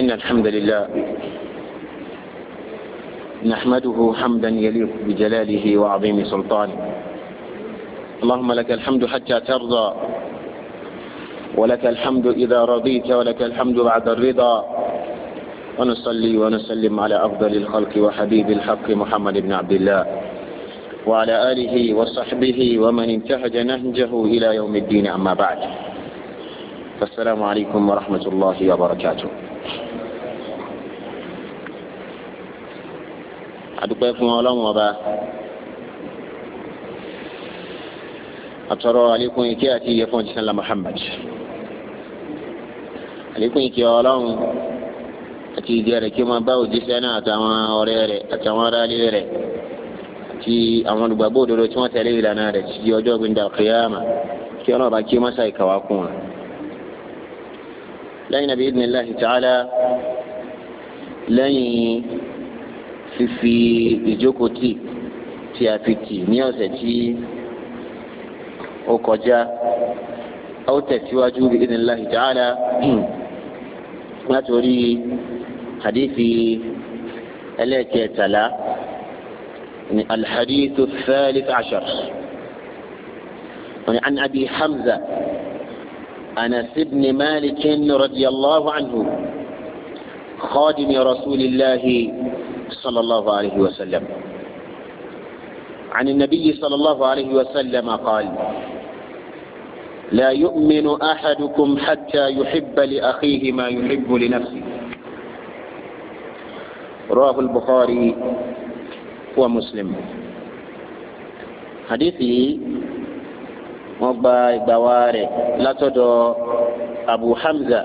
إن الحمد لله نحمده حمدا يليق بجلاله وعظيم سلطانه اللهم لك الحمد حتى ترضى ولك الحمد إذا رضيت ولك الحمد بعد الرضا ونصلي ونسلم على أفضل الخلق وحبيب الحق محمد بن عبد الله وعلى آله وصحبه ومن انتهج نهجه إلى يوم الدين أما بعد فالسلام عليكم ورحمة الله وبركاته adúpẹ́ fún ọlọ́run ọba àtọrọ àlékún ìkẹ́ àti ìyẹ́ fún ọjísánlá Muhammad àlékún ìkẹ́ ọlọ́run àti ìjẹ́ rẹ̀ kí wọ́n bá òjíṣẹ́ náà àtàwọn ọ̀rẹ́ rẹ̀ àtàwọn aráalé rẹ̀ àti àwọn olùgbàgbọ́ òdodo tí wọ́n tẹ̀lé ìlànà rẹ̀ ti di ọjọ́ gbẹ̀ndà kìyàmà kí ọlọ́run ọba kí wọ́n sá ìkàwá kún wọn. lẹ́yìn nàbí idhnillahi ta'ala lẹ́yìn fífi ìjókòó tì tí a fi tì ní ọ̀sẹ̀ tí ó kọjá a ó tẹ̀síwájú bí idhnillahi ta'ala láti orí hadithi ẹlẹ́ẹ̀kẹtàlá ni alhadithu thalith ashar wani an abi hamza anas ibn malik radiyallahu anhu خادم رسول صلى الله عليه وسلم عن النبي صلى الله عليه وسلم قال لا يؤمن أحدكم حتى يحب لأخيه ما يحب لنفسه رواه البخاري ومسلم حديثي مباي بواري لا تدو أبو حمزة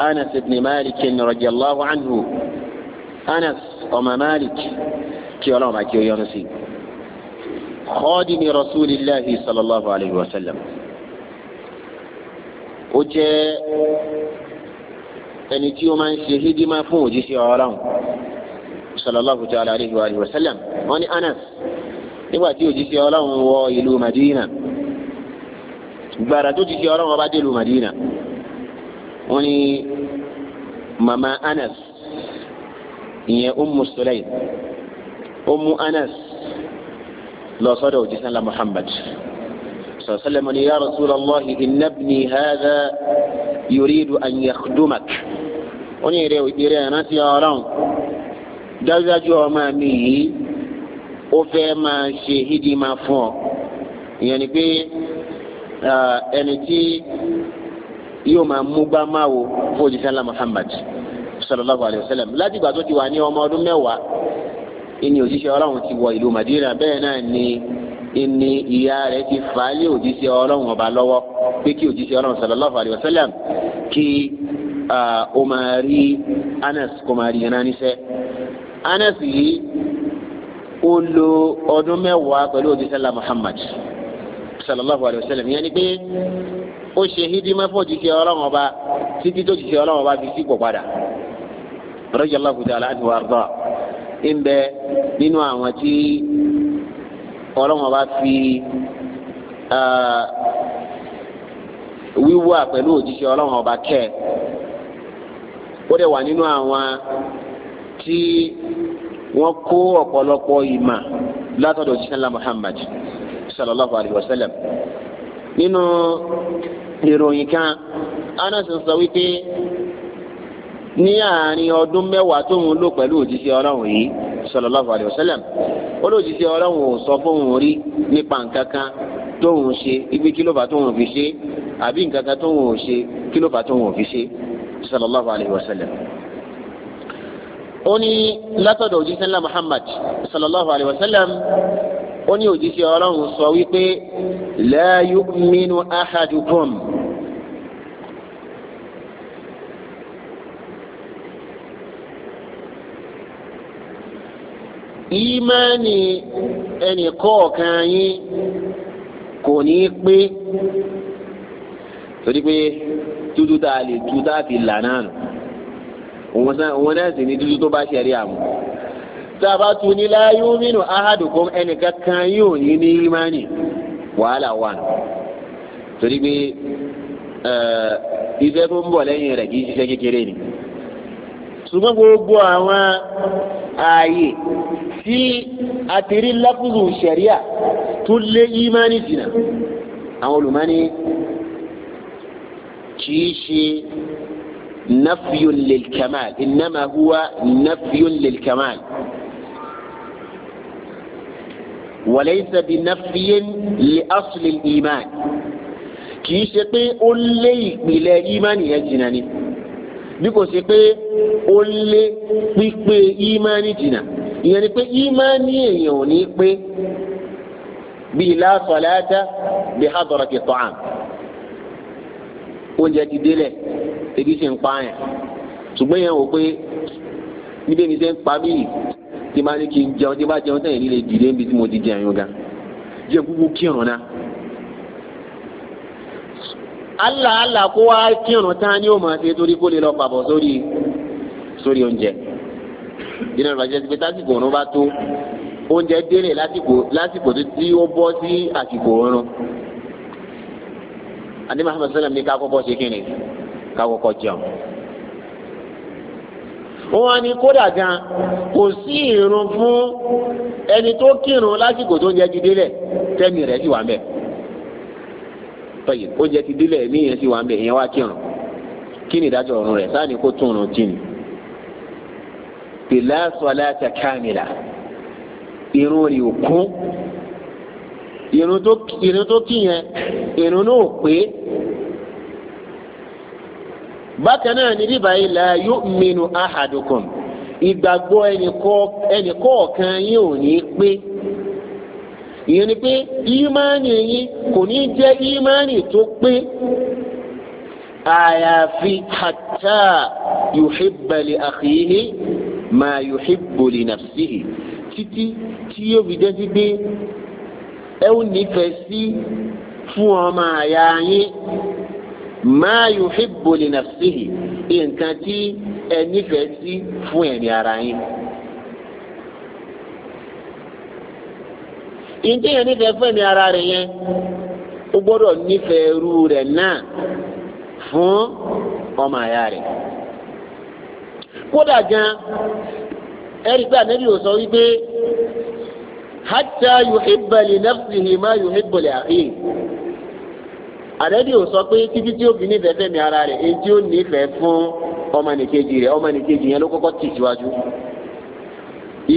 أنس بن مالك رضي الله عنه أنس ọmọ Malik kí Ọlọ́run bá kí ó yọ́nú sí i kọ́ọ̀dìmí rasulillahi sallallahu alayhi wa sallam ó jẹ́ ẹni tí ó máa ń ṣe hídímà fún òjíṣẹ́ Ọlọ́run sallallahu ta'ala alayhi wa alayhi wa sallam wọ́n ní Anas nígbà tí òjíṣẹ́ Ọlọ́run wọ ìlú Madina gbàrà tó ti ṣe Ọlọ́run ọba dé ìlú Madina wọ́n ní mama Anas ìyẹn ummu sulaim ummu anas lọ sọ́dọ̀ òjíṣẹ́ ńlá muhammad sọ̀sẹ́lẹ̀ mọ́ni ya rasulallah innabni hadha yuridu an yakhdumak ó ní ìrẹ́ ìrẹ́ ìrántí ọlọ́run dájúdájú ọmọ mi yìí ó fẹ́ máa ṣe hídìmá fún ọ ìyẹn ni pé ẹni tí yóò máa mú gbá máa wò fún òjíṣẹ́ ńlá muhammad anabi sallallahu alayhi wa sallam láti ìgbà tó ti wà ní ọmọ ọdún mẹ́wàá ìní òjíṣẹ́ ọlọ́run ti wọ ìlú madina bẹ́ẹ̀ náà ni ìní ìyá rẹ̀ ti fà á lé òjíṣẹ́ ọlọ́run ọba lọ́wọ́ pé kí òjíṣẹ́ ọlọ́run sallallahu alayhi wa sallam kí ó máa rí anas kó máa rí yẹn náà níṣẹ́ anas yìí ó lò ọdún mẹ́wàá pẹ̀lú òjíṣẹ́ la muhammad sallallahu alayhi wa sallam yẹn ni pé ó ṣe hídímẹ́fọ́ òjíṣẹ́ ọlọ́run ọba títí tó òjíṣẹ́ ọlọ́run ọba fi sí pọ̀ padà radiyallahu ta'ala anhu wa arda ń bẹ nínú àwọn tí ọlọ́wọ́n bá fi wíwà pẹ̀lú òjíṣẹ́ ọlọ́wọ́n ọba kẹ́ ó dẹ̀ wà nínú àwọn tí wọ́n kó ọ̀pọ̀lọpọ̀ ìmà látọ̀dọ̀ òjíṣẹ́ ńlá Muhammad sallallahu alayhi wa sallam nínú ìròyìn kan Anas sọ wípé ní àárín ọdún mẹ́wàá tóun lò pẹ̀lú òjíṣẹ́ ọlọ́run yìí sallallahu alayhi wa sallam olóòjíṣẹ́ ọlọ́run ò sọ fóun rí nípa nǹkan kan tóun ṣe ibi kí ló fà tóun fi ṣe àbí nǹkan kan tóun ò ṣe kí ló fà tóun fi ṣe sallallahu alayhi wa sallam. ó ní látọ̀dọ̀ òjíṣẹ́ ńlá Muhammad sallallahu alayhi wa sallam ó ní òjíṣẹ́ ọlọ́run sọ wípé la yu'minu ìmánì ẹnì kọ̀ọ̀kan yín kò ní í pé torí pé dúdú tá a lè tú tá a fi là náà nù òun náà sì ní dúdú tó bá ṣẹ̀rí àmú tá a bá tu ní la yuminu ahadukum ẹnìkan kan yóò ní ní ìmánì wàhálà wà nù torí pé ìfẹ́ tó ń bọ̀ lẹ́yìn rẹ̀ kì í ṣiṣẹ́ kékeré ni ṣùgbọ́n gbogbo àwọn ààyè tí àtẹ̀rí lápùzù ṣẹ̀ríà tó lé ìmánì jìnnà àwọn olùmọ́ni kì í ṣe nafiyun lil kamal innama huwa nafiyun lil kamal walaysa bi nafiyin li asli iman kì í ṣe pé ó lé ìpìlẹ̀ ìmánì yẹn jìnnà ni bí kò ṣe pé ó lé pípé ìmánì jìnnà. ìyẹn ni pé ní èèyàn ò ní pé bíi la salata bi hadrati ta'am oúnjẹ ti délẹ̀ ebi sì ń pa yẹn ṣùgbọ́n yẹn wò pé níbi èmi ṣe ń pa tí máa ní kí n jẹun tí bá jẹun sẹ́yìn nílé dìde níbi tí mo ti jẹun gbogbo kírun náà kó wá kírun tán ni ó máa ṣe torí ìdí náà lọ́jọ́ pé tásìkò òórùn bá tó oúnjẹ délé lásìkò tí ó bọ́ sí àsìkò òórùn àní Muhammad sallam ní ká kọ́kọ́ ṣe kí ni ká kọ́kọ́ jẹun. wọ́n á ní kódà gan kò sí ìrun fún ẹni tó kírun lásìkò tó ń jẹ ti délẹ̀ tẹ́mi rẹ̀ sì wà ń bẹ̀. tọ́yì ti délẹ̀ mí yẹn sì wà ń bẹ̀ ìyẹn wá kírun kí ni ìdájọ́ ọ̀run rẹ̀ sáà ní kó tún un tì ní pé la salata kamila irun rẹ̀ ò kún irun tó kí yẹn irun náà ò pé bákan náà ní bíbá yìí la yu'minu ahadukum ìgbàgbọ́ ẹnìkọ̀ọ̀kan yín ò ní pé ìyẹn ni pé ìmánì yín kò ní jẹ́ ìmánì tó pé àyàfi hatta yuhibba li ma yuhibbu li nafsihi títí tí yóò fi jẹ́sí pé ẹ ó nífẹ̀ẹ́ sí fún ọmọ àyà yín ma yuhibbu li nafsihi nǹkan tí ẹ nífẹ̀ẹ́ sí fún ẹ̀mí ara yín. ìdí yẹn nífẹ̀ẹ́ fún ẹ̀mí ara rẹ̀ yẹn ó gbọ́dọ̀ nífẹ̀ẹ́ irú rẹ̀ náà fún ọmọ àyà rẹ̀ kódà gan ẹ̀rí pé ànábì ò sọ wípé hatta yuhibba li nafsihi ma yuhibbu li akhihi ànábì ò sọ pé títí tí ó fi nífẹ̀ẹ́ fẹ́mi ara rẹ̀ èyí tí ó nífẹ̀ẹ́ fún ọmọnìkejì rẹ̀ ọmọnìkejì yẹn ló kọ́kọ́ tì síwájú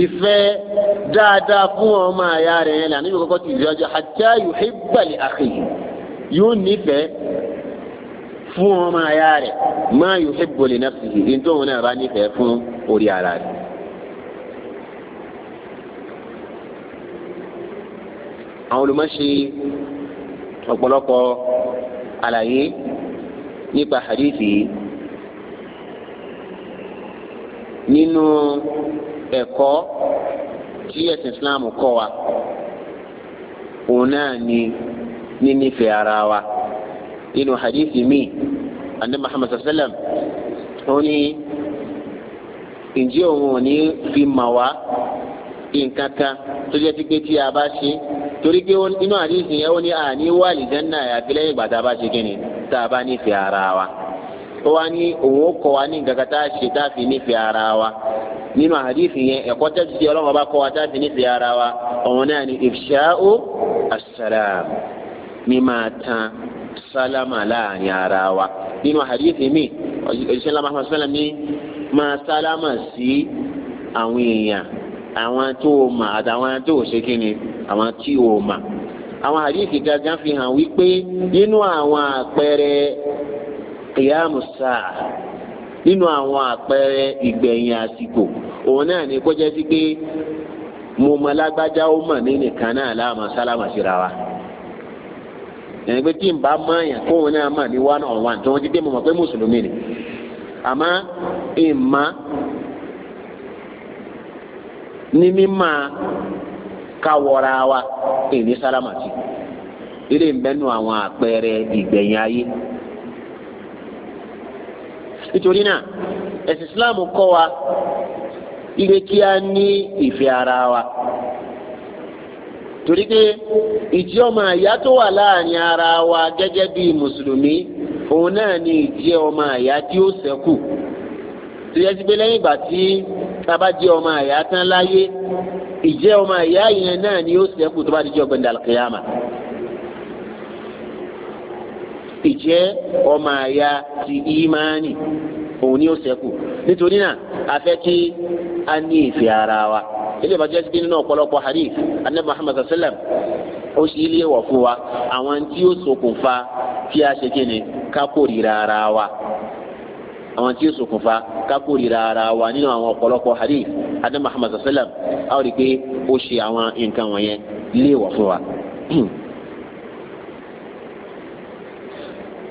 ìfẹ́ dáadáa fún ọmọ àyà rẹ̀ yẹn lànà yóò kọ́kọ́ tì síwájú hatta yuhibba li yóò nífẹ̀ẹ́ fún ọmọ aya rẹ̀ máa yuhibbu li nafsihi nítorí náà bá nífẹ̀ẹ́ fún orí ara rẹ̀. àwọn olùmọ̀ṣe ọ̀pọ̀lọpọ̀ àlàyé nípa hadithi nínú ẹ̀kọ́ tí ẹ̀sìn Islam kọ́ wa òun náà ni nínífẹ̀ẹ́ ara wa nínú hadithi mi anna muhammad sallam ó ní ǹjẹ́ òun ò ní fi mà wá nǹkan kan tó jẹ́ pé tí a bá ṣe torí pé inú hadithi yẹn ó ní àní wà lìjánná àyàfi lẹ́yìn ìgbà tá a bá ṣe kí ni tá a bá nífẹ̀ẹ́ ara wa ó wá ní òun ó kọ́ wa ní nǹkan kan tá a ṣe tá a fi nífẹ̀ẹ́ ara wa nínú àdìsí yẹn ẹ̀kọ́ tẹ́tù sí ọlọ́run ọba kọ́ wa táàtì ní ìfìyà ara wa ọ̀hún náà ni ìfṣáó asàlám mi máa sálámà láàrin ara wa nínú àdìsí mi òṣìṣẹ́ ńlá Muhammad sallam ní máa sálámà sí àwọn èèyàn àwọn tó o mà àtàwọn tó o ṣe kíni àwọn tí o mà àwọn àdìsí gangan fi hàn wípé nínú àwọn àpẹẹrẹ kìyàmù sáà nínú àwọn àpẹẹrẹ ìgbẹ̀yìn àsìkò òun náà ni kó jẹ́ sí pé mo mọ lágbájá ó mọ̀ ní nìkan náà láàmú sálámà síra wa. ẹni pé tí n bá mọ àyàn kóun náà mà ní one on one tí wọn ti dé mo pé mùsùlùmí ni ìmọ ní mímọ wa èyí sálámà ilé ìbẹ́nu àwọn àpẹẹrẹ ìgbẹ̀yìn ayé nítorí náà ẹ̀sìn Islam kọ wa ilé kí ní ara wa. torí pé ìjẹ́ ọmọ àyá tó wà láàrin ara wa gẹ́gẹ́ bí mùsùlùmí òun náà ni ìjẹ́ ọmọ àyá tí ó ṣẹ́kù tó yẹ sí pé lẹ́yìn ìgbà tí tá bá jẹ́ ọmọ àyá tán láyé ìjẹ́ ọmọ àyá yẹn náà ni ó ṣẹ́kù tó bá di jẹ́ ọgbẹ́ni alkiyama ìjẹ́ ọmọ àyà ti ìmánì òun ni ó ṣẹ́kù nítorí náà a fẹ́ kí a ní ìfẹ́ ara wa ilé ìbàjẹ́ ti dé nínú ọ̀pọ̀lọpọ̀ hadith anabi muhammad sallam ó ṣe ilé wọ̀ fún wa àwọn tí ó ṣokùnfà kí a ṣe kíni ká kórìíra wa àwọn tí ó ṣokùnfà ká kórìíra wa nínú àwọn ọ̀pọ̀lọpọ̀ hadith anabi muhammad sallam a ó rí i pé ó ṣe àwọn nǹkan wọ̀nyẹn ilé wọ̀ fún wa.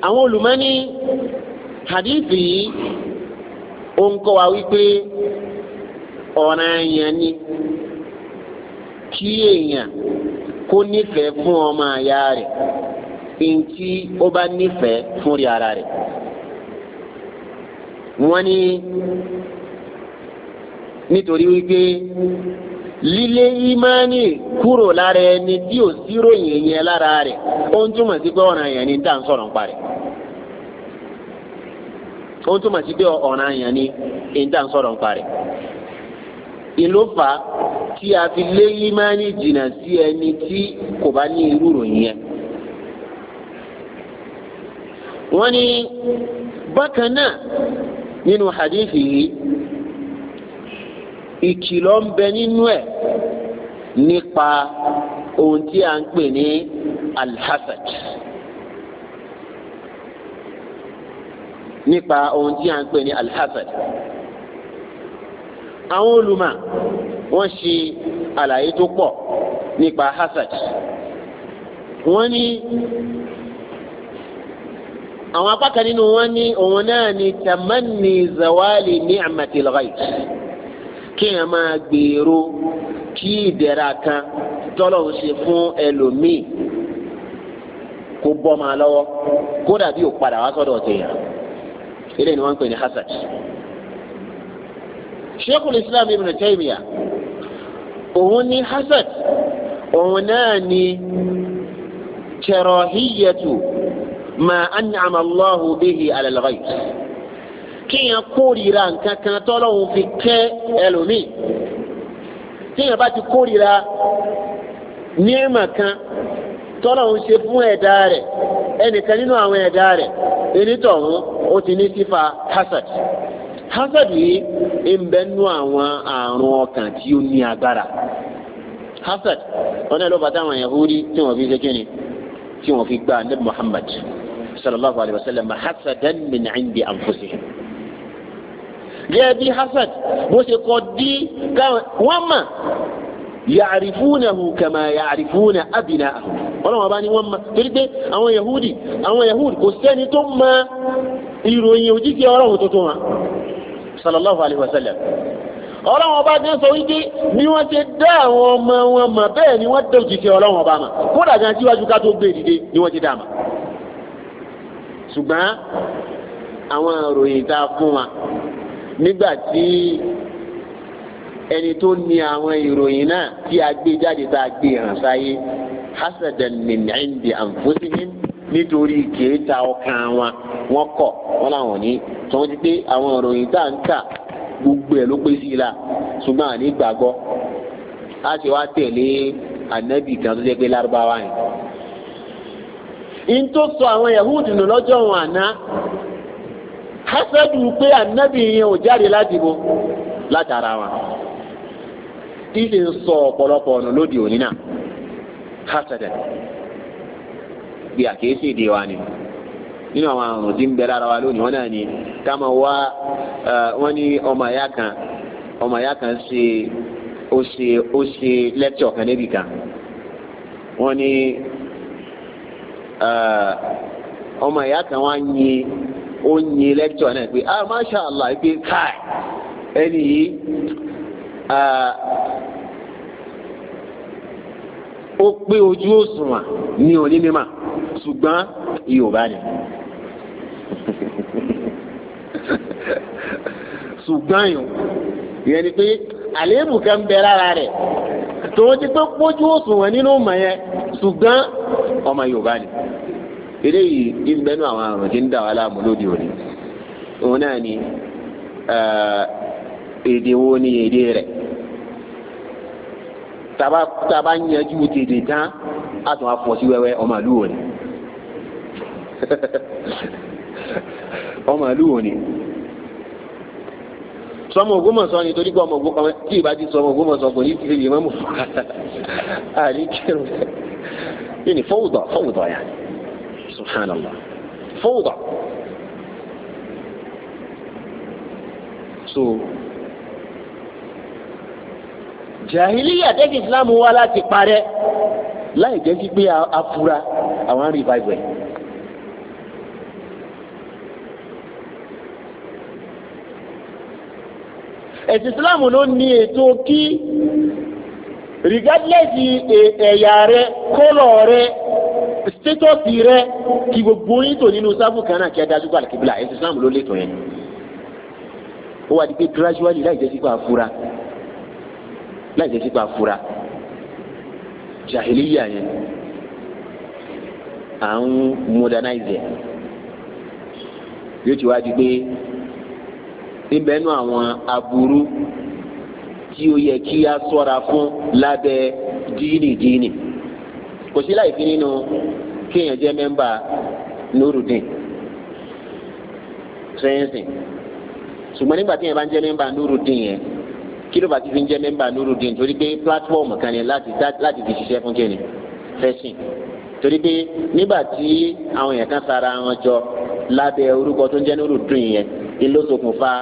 àwọn olùmọ́ni hadith yìí ó ń kọ́ wa wípé. ọ̀ràn yẹn ni kí èèyàn kó nífẹ̀ẹ́ fún ọmọ àyà rẹ̀ ntí ó bá nífẹ̀ẹ́ fún rí ara rẹ̀. wọ́n ní nítorí wípé lílé ìmánì kúrò lára ẹni tí ò sí ròyìn yẹn lára rẹ̀ ni ń sọ̀rọ̀ ìlú fà á tí a fi lé yímánì jìnnà sí ẹni tí kò bá ní irú ròyìn wọ́n ní bákan náà nínú hadithi yìí ìkìlọ̀ ń bẹ nínú ẹ̀ nípa ohun tí a ń pè ní alhasad nípa ohun tí a ń pè ní alhasad àwọn olùmọ̀ wọ́n ṣe àlàyé tó pọ̀ nípa hasad wọ́n ní àwọn apá kan nínú wọn ní òun náà ni tamanni zawali ní ni'matil ghaib kí n máa gbèrò kí ìdẹ̀ra kan tọ́lọ̀ ń ṣe fún ẹlòmíì kó bọ́ máa lọ́wọ́ kódà bí ò wá sọ́dọ̀ ọ̀tẹ̀yà eléyìí ni wọ́n ń pè ní hasad. Sheikhul Islam Ibn Taymiyyah òun ní hasad òun náà ní kẹrọhíyẹtù ma an'ama Allahu bihi ala al-ghayr kíyàn kórìíra nǹkan kan tọ́lọ́hún fi kẹ́ ẹlòmíì kíyàn bá ti kórìíra níma kan tọ́lọ́hún ṣe fún ẹ̀dá rẹ̀ ẹnìkan nínú àwọn ẹ̀dá rẹ̀ ẹnitọ̀hún ó ti ní sífà hasad hasad yìí ń bẹ nú àwọn àrùn ọkàn tí ó ní agbára hasad wọn náà ló bàtà àwọn yahudi tí wọn fi ṣe kíni tí wọn fi gba anabi muhammad sallallahu alayhi wa sallam hasadan min indi anfusihim gẹ́gẹ́ bí hasad bó ṣe kọ́ dí wọ́n mà yàrìfúnahu kàmá yàrìfúna abìnà ọlọ́wọ́n bá ní wọ́n mà torí pé àwọn yahudi àwọn yahudi kò sẹ́ni tó mọ ìròyìn òjíṣẹ́ ọlọ́run tuntun wa sallallahu alayhi wa sallam ọlọ́run ọba gan sọ wípé ni wọ́n ti dá àwọn ọmọ wọn mọ̀ bẹ́ẹ̀ ni wọ́n dá òjìṣẹ́ ọlọ́run ọba mọ̀ kódà gan síwájú ká tó gbé e dìde ni wọ́n ti dá mọ̀ ṣùgbọ́n àwọn ìròyìn tá fún wa nígbà tí ẹni tó ní àwọn ìròyìn náà tí a gbé jáde tá a gbé hàn sáyé hasadan min indi anfusihim nítorí kèéta ọkàn wọn wọn kọ wọn làwọn ní tí wọ́n àwọn tá gbogbo ló pé sí i la ṣùgbọ́n àní a ṣe wá tẹ̀lé ànábì kan tó in tó sọ àwọn yahudu nù lọ́jọ́ wọn àná hasadu pé anabi yẹn ò jáde láti bo látara wọn ìṣe ń sọ ọ̀pọ̀lọpọ̀ ọ̀nà lóde òní Arabia kìí sì di wa ni nínú àwọn àrùn tí ń bẹ lára wa lónìí wọn náà ni wá wọn ní ọmọ kan ọmọ kan ṣe ó ṣe ó ṣe kan kan wọ́n ní ọmọ kan wá ó náà pé ah masha allah pé ẹni yìí ó pé ojú òṣùwọ̀n ní ṣùgbọ́n yorùbá ni ṣùgbọ́n yòó yẹn ni pé àléébù kan bẹ lára rẹ̀ tòun ti pé pójú òṣùwọ̀n nínú mọ̀ yẹn ṣùgbọ́n ọmọ yorùbá ni eléyìí ìgbẹ́nu àwọn àrùn tí ń dà wá láàmú lóde òní òun náà ni èdè wo ni èdè rẹ̀ taba yanjú tètè tán a tún á fọ sí wẹ́wẹ́ ọmọ àlúwò ni ọmọ ìlú wo ni sọmọ Ògbómọ̀ṣọ́ ni torí pé ọmọ Ògbómọ̀ṣọ́ tí ìbá ti sọmọ Ògbómọ̀ṣọ́ kò ní ti lè mọ́mú fún wa àní kírun yìí ni fọ́wùdọ̀ fọ́wùdọ̀ yà subhanallah fọ́wùdọ̀ so jahiliya tẹ́kì islam wá láti parẹ́ láì jẹ́ sí pé afura àwọn revival ẹ̀sìn islam ló ní ètò kí regardless ẹ̀yà rẹ kọ́lọ̀ rẹ status rẹ kí gbogbo yín tò nínú sáfù kan náà kí a dájú gbàlẹ̀ kíbla ẹ̀sìn islam ló lẹ́tọ̀ yẹn ó wà ní pé gradually láì jẹ́ sípò àfúrá láì jẹ́ sípò àfúrá jahiliya yẹn à ń modernize yóò ti wá di pé níbẹ̀ nú àwọn aburú tí ó yẹ kí a sọ́ra fún lábẹ́ díìnì díìnì kò sí láì fi nínú kéèyàn jẹ́ mẹ́mbà nurudin sẹ́yìnsì ṣùgbọ́n nígbà tí yẹn bá ń jẹ́ mẹ́mbà nurudin yẹn kí ló bá ti fi ń jẹ́ mẹ́mbà nurudin torí pé platform kan ni láti láti fi ṣiṣẹ́ fún kéèyàn fẹ́sìn torí pé nígbà tí àwọn èèyàn kan sara wọn jọ lábẹ́ orúkọ tó ń jẹ́ nurudin yẹn ìlóṣokùnfà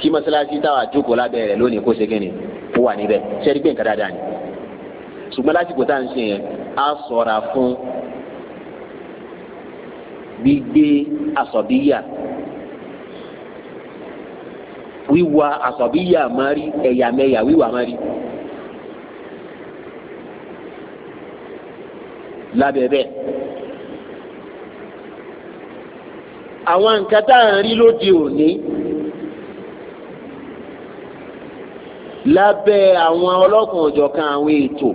kí mọ́sálásí táwa jókòó lábẹ́ rẹ̀ lónìí kó ṣe kí ni ó wà níbẹ̀ ṣẹ́ẹ́rì gbé nǹkan dáadáa ni ṣùgbọ́n lásìkò tá à ń ṣe yẹn á sọ̀ra fún gbígbé asọ̀bíyà wíwa asọ̀bíyà mari ẹ̀yàmẹ̀yà wíwà mari. lábẹ́ bẹ́ẹ̀. àwọn nǹkan tá à ń rí lóde òní lábẹ́ àwọn ọlọ́kan ọ̀jọ̀kan àwọn ètò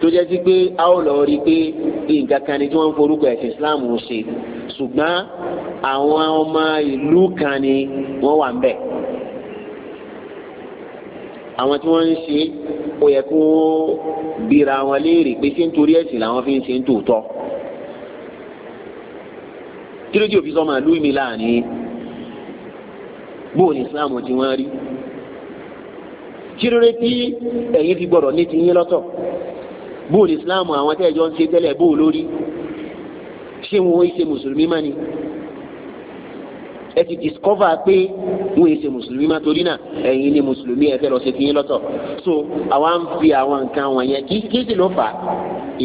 tó jẹ́ sí pé a ó lọ rí i pé nǹkan kan ni tí wọ́n ń forúkọ ẹ̀sìn Islam ṣe ṣùgbọ́n àwọn ọmọ ìlú kan ni wọ́n wà ń bẹ̀ àwọn tí wọ́n ń ṣe ó yẹ kó bira wọn léèrè pé ṣé nítorí ẹ̀sìn làwọn fi ń ṣe ń tòótọ́ kí ló dé òfin sọ́mọ́ ìlú mi láàánú Islam ti wọ́n rí kírere tí ẹ̀yin fi gbọ́dọ̀ ní tiyín lọ́tọ̀ bóòlù islam àwọn tẹ́ẹ̀jọ́ ń ṣe tẹ́lẹ̀ bóòlù lórí ṣé wọn ṣe mùsùlùmí má ni ẹ ti discover pé wọn ṣe mùsùlùmí má torí náà ẹ̀yin ni mùsùlùmí ẹ fẹ́ lọ ṣe tiyín lọ́tọ̀ so àwa ń fi àwọn nǹkan wọ̀nyẹn kí kí sì ló fà á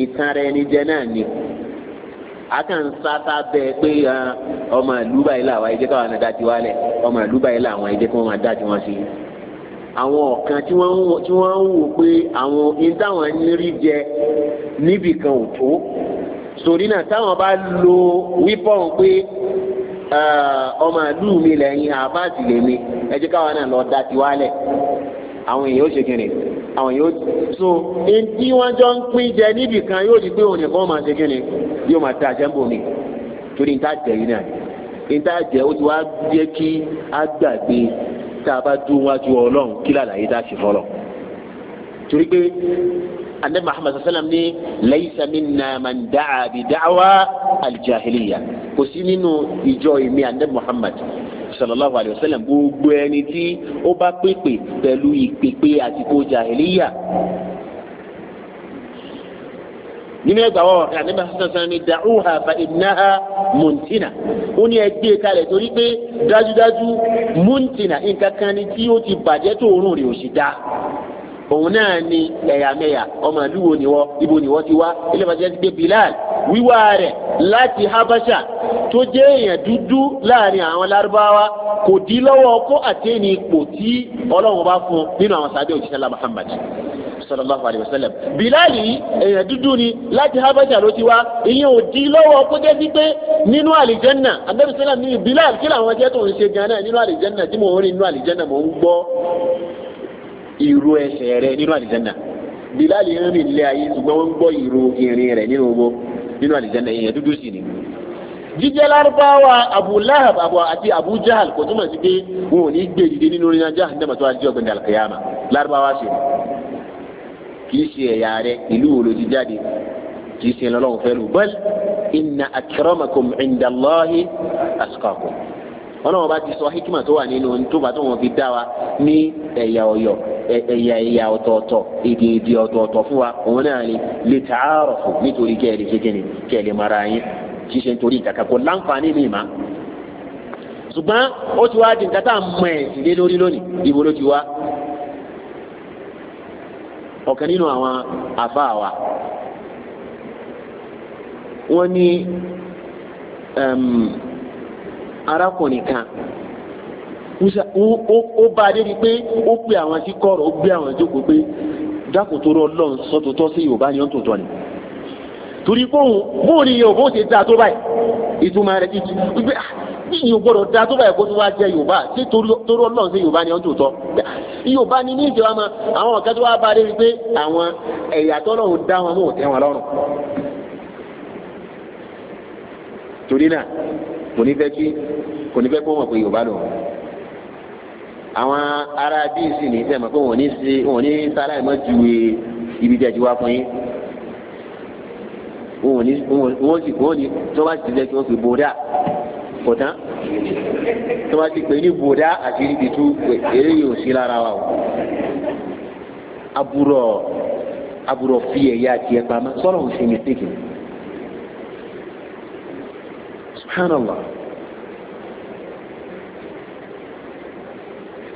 ìtàn rẹ ni jẹ náà ni aka ń sáta bẹ́ẹ̀ pé ah, ọmọ àlùbáyé làwọn ẹ̀jẹ̀ káwọn àdájọ́ wálẹ̀ ọmọ àlùbáyé làwọn ẹ̀jẹ̀ káwọn àdájọ́ wọn sí i. àwọn ọ̀kan tí wọ́n ń wò pé àwọn in jẹ níbì kan ò tó sòrí náà táwọn bá lo wípọ̀n pé ọmọ ìlú mi lẹ́yìn àbáàtì lèmi ẹ jẹ́ náà lọ da tiwálẹ̀ àwọn èèyàn ó ṣe kìnnì jọ ń pín jẹ yóò di pé òun nìkan máa ṣe mi torí jẹ yìí náà wá kí á tá a bá dún wájú ọlọ́run kí lálàyé dá sí fọlọ́ torí pé ande muhammad sallam ni laisa minna man da'a bi da'wa aljahiliya kò sí nínú ìjọ ìmí ande muhammad sallallahu alayhi wa sallam gbogbo ẹni tí ó bá pèpè pẹ̀lú ìpèpè àsìkò jahiliya nínú ẹgbà wọ́n rẹ̀ ànábì sọ̀tàn ni da'uha fa innaha muntina ó ní ẹgbẹ́ e kalẹ̀ torí pé dájúdájú muntina nǹkan kan ni tí ó ti bàjẹ́ tó òórùn rẹ̀ ò sì dáa òun náà ni ẹ̀yàmẹ̀yà ọmọ ìlú wo ni wọ́ ibo ni wọ́ ti wá ilé ìfàṣẹ ti gbé Bilal wíwá rẹ̀ láti Habasha tó jẹ́ èèyàn dúdú láàrin àwọn Lárúbáwá kò dí lọ́wọ́ kó àtẹ́ni tí Ọlọ́run bá fún nínú àwọn sábẹ́ òjíṣẹ́ lá anabi sallallahu alayhi wa sallam bilali èèyàn eh, dúdú ni láti habasha ló ti wá ìyẹn ò di lọ́wọ́ kó jẹ́ sí pé nínú àlìjẹ́nà anabi sallam ní bilali kí làwọn jẹ́ tó ń ṣe gan náà nínú àlìjẹ́nà tí mò ń rìn nínú àlìjẹ́nà mò ń gbọ́ ìró ẹsẹ̀ rẹ̀ nínú àlìjẹ́nà bilali ń rìn ilé ayé ṣùgbọ́n wọ́n ń gbọ́ ìró ìrìn rẹ̀ nínú owó nínú àlìjẹ́nà èèyàn dúdú ni jíjẹ́ lárúbáwá abu àti abu kò túmọ̀ sí pé wọn ò ní gbé nínú orin ajá nígbà ọ̀gbìn dàlùkìyàmà lárúbáwá sí ni kì í ṣe ẹ̀yà rẹ ìlú wo ló ti jáde kì í ṣe lọ́lọ́run fẹ́ lù bal inna akramakum inda Allahi asqakum ọlọ́run bá ti sọ hikima tó wà nínú tó bá tó wọn fi dá wa ní ẹ̀yà ọ̀yọ̀ ẹ̀yà ẹ̀yà ọ̀tọ̀ọ̀tọ̀ èdè èdè ọ̀tọ̀ọ̀tọ̀ fún wa òun náà ni lè ta'arafu nítorí kẹ́ẹ̀lì kékeré kẹ́ẹ̀lì mara yín kì ṣe nítorí ìkàkà láǹfààní mi mà ṣùgbọ́n ó ti wá di nǹkan tá à ń mọ ẹ̀sìn lórí lónìí ìwo ló ti wá ọ̀kan nínú àwọn àbá wa wọ́n ní arákùnrin kan ó bá a débi pé ó pe àwọn tí kọ̀rọ̀ ó gbé àwọn ìjókòó pé dákùn tó rọ lọ́n sọ́tòtọ́ sí yorùbá ni ó ń tòótọ́ ni torí pé òun bóun ni yorùbá ó ti dáa tó báyìí ìtumọ̀ rẹ̀ ti tu gbé tí ìyẹn gbọ́dọ̀ da tó báyìí kó tó wá jẹ yorùbá tí torí ọlọ́run sí yorùbá ni ó ń tòótọ́ yorùbá ni ní ìjọba ma àwọn ọ̀kẹ́ tó wá bá dé wípé àwọn ẹ̀yà tọ́lọ́run dá wọn mọ̀ tẹ́ wọn lọ́rùn. torí náà kò ní fẹ́ kí kò ní fẹ́ kó mọ̀ pé yorùbá lò wọ́n àwọn ará bíi sì ní sẹ́mọ̀ pé wọ́n ní ṣe wọ́n ní sáláì mọ́ ju ibi tẹ̀ ti wá fún yín wọ́n ní wọ́n sì wọ́n ní tó bá ti kò tán tó bá ti pè ní bòdá àti ibi tó eré yóò sí lára wa o aburọ aburọ fi ẹ̀yà tiẹ̀ pamọ́ sọ̀rọ̀ ò sí mistake ni subhanallah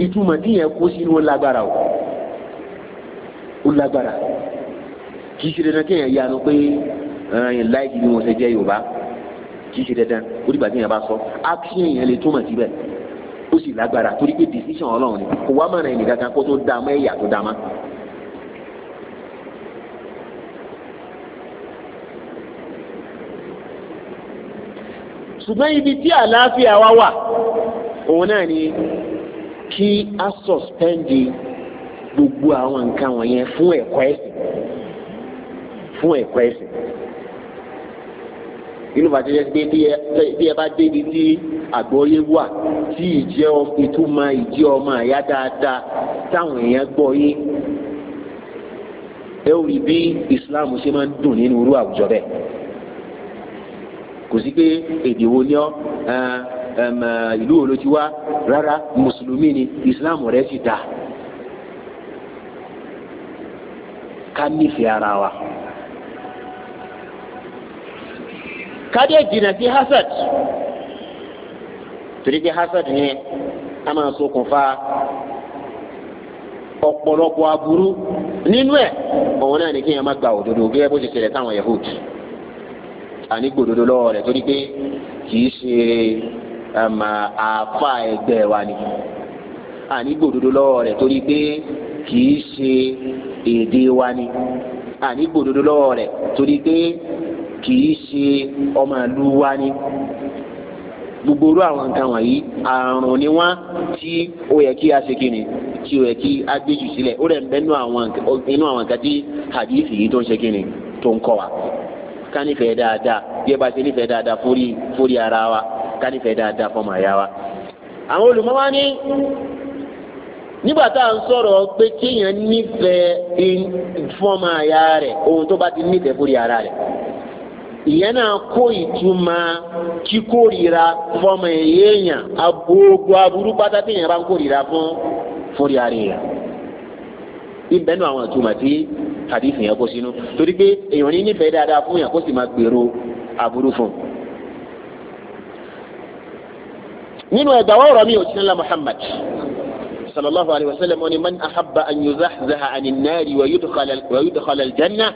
ìtumọ̀ tí yẹn kó sínú lágbára o ó lágbára kì ṣe dandan kéèyàn yanu pé ẹ̀ràn yẹn láìkí bí mo ṣe jẹ́ yorùbá kì í ṣe dandan onígbà tí yẹn bá sọ action yẹn lè túmọ̀ síbẹ̀ ó sì lágbára torí pé decision ọlọ́run ni kò wá mọ̀ràn ẹnì kankan kó tó dá mọ́ ẹ̀yà tó dá mọ́. ṣùgbọ́n ibi tí àlàáfíà wa wà òun náà ni kí a sọ̀spẹ́ndì gbogbo àwọn nǹkan wọ̀nyẹn fún ẹ̀kọ́ ẹ̀sìn fún ẹ̀kọ́ ẹ̀sìn inú bàtí yẹ pé bí ẹ bá débi tí àgbọ́yé wà tí ìjẹ́ ìtumọ̀ ìjẹ́ ọmọ àyá dáadáa táwọn èèyàn gbọ́ yé ẹ ò rí bí Islam ṣe máa ń dùn nínú irú àwùjọ bẹ́ẹ̀ kò sí pé èdè wo ni ọ eh, eh, ìlú wo ló ti wá rárá mùsùlùmí ni Islam rẹ̀ sì dáa ká nífẹ̀ẹ́ ara wa. ká dẹ̀ jìnnà sí hasad torí pé hasad a máa ṣokùnfà ọ̀pọ̀lọpọ̀ aburú nínú ẹ̀ òun náà ní kí n má gba òdodo gẹ́gẹ́ bó ṣe ṣẹlẹ̀ táwọn yahood àní gbòdodo lọ́wọ́ rẹ̀ torí pé kì í ṣe àáfà ẹgbẹ́ wa ni àní gbòdodo lọ́wọ́ rẹ̀ torí pé kì í ṣe èdè ni kì í ṣe ọmọ ìlú wa ni gbogbo orú àwọn nǹkan wọ̀nyí àrùn ni wọ́n tí ó yẹ kí a ṣe kíni tí ó yẹ kí a gbéjù sílẹ̀ ó rẹ̀ ń bẹ́ inú àwọn nǹkan tí hadith yìí tó ń ṣe tó ń kọ́ wa dáadáa bí ẹ bá ṣe nífẹ̀ẹ́ ara wa dáadáa fọmọ àyà wa. àwọn ní nígbà tá à ń sọ̀rọ̀ pé ohun tó bá ti nífẹ̀ẹ́ fórí ara rẹ̀ ìyẹn náà kó ìtumọ̀ kíkórìíra fọmọ èèyàn agbóògbò aburú pátá tí èèyàn bá ń kórìíra fún fúri ara èèyàn ibẹ̀ nù àwọn ìtumọ̀ tí hadith yẹn kó sínú torí pé èèyàn ní nífẹ̀ẹ́ dáadáa fún yàn kó sì máa gbèrò aburú fún un. nínú ẹgbàá wọ́ọ̀rọ̀ mi ò sí ńlá Muhammad. صلى الله عليه وسلم وني من احب ان يزحزح عن النار ويدخل ويدخل الجنه